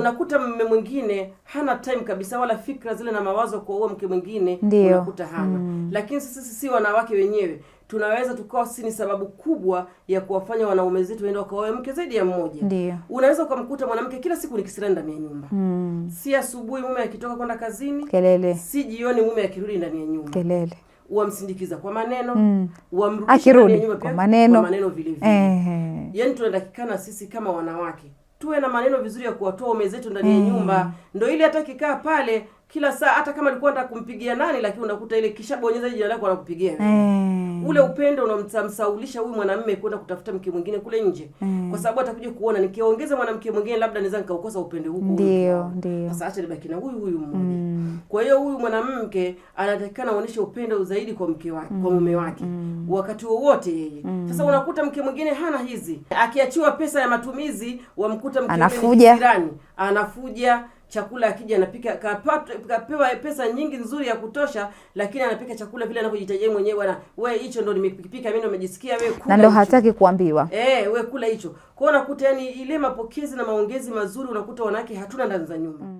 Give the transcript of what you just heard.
unakuta mume mwingine hana time kabisa wala fikra zile na mawazo kwa huo mke mwingine unakuta hana mm. Lakini sisi si wanawake wenyewe tunaweza tukawa si ni sababu kubwa ya kuwafanya wanaume zetu waende wakaoe mke zaidi ya mmoja. Unaweza ukamkuta mwanamke kila siku ni kisirani ndani ya nyumba mm. Si asubuhi mume akitoka kwenda kazini kelele, si jioni mume akirudi ndani ya nyumba kelele wamsindikiza kwa maneno mm. wamrudisha nyumba pia kwa maneno, kwa maneno vile vile. Yaani tunatakikana sisi kama wanawake tuwe na maneno vizuri ya kuwatoa ume zetu ndani ya mm. nyumba, ndo ile hata kikaa pale kila saa, hata kama alikuwa nataka kumpigia nani, lakini unakuta ile bonyeza jina lako anakupigia mm. ule upendo unamsaulisha huyu mwanamume kwenda kutafuta mke mwingine kule nje mm. kwa sababu atakuja kuona nikiongeza mwanamke mwingine labda naweza nikaukosa upendo huko. Ndio, ndio sasa, acha nibaki na huyu huyu mmoja mm. kwa hiyo huyu mwanamke anatakikana aoneshe upendo zaidi kwa mke wake mm. kwa mume wake mm wakati wowote yeye mm. Sasa unakuta mke mwingine hana hizi, akiachiwa pesa ya matumizi wamkuta mke anafuja jirani, anafuja chakula akija anapika kapata, kapewa pesa nyingi nzuri ya kutosha, lakini anapika chakula vile anavyojitajia mwenyewe. Bwana wewe, hicho ndo nimekipika mimi, nimejisikia wewe, kula na ndo hataki kuambiwa eh, wewe kula hicho. Kwa hiyo unakuta yani ile mapokezi na maongezi mazuri, unakuta wanawake hatuna ndani za nyumba mm.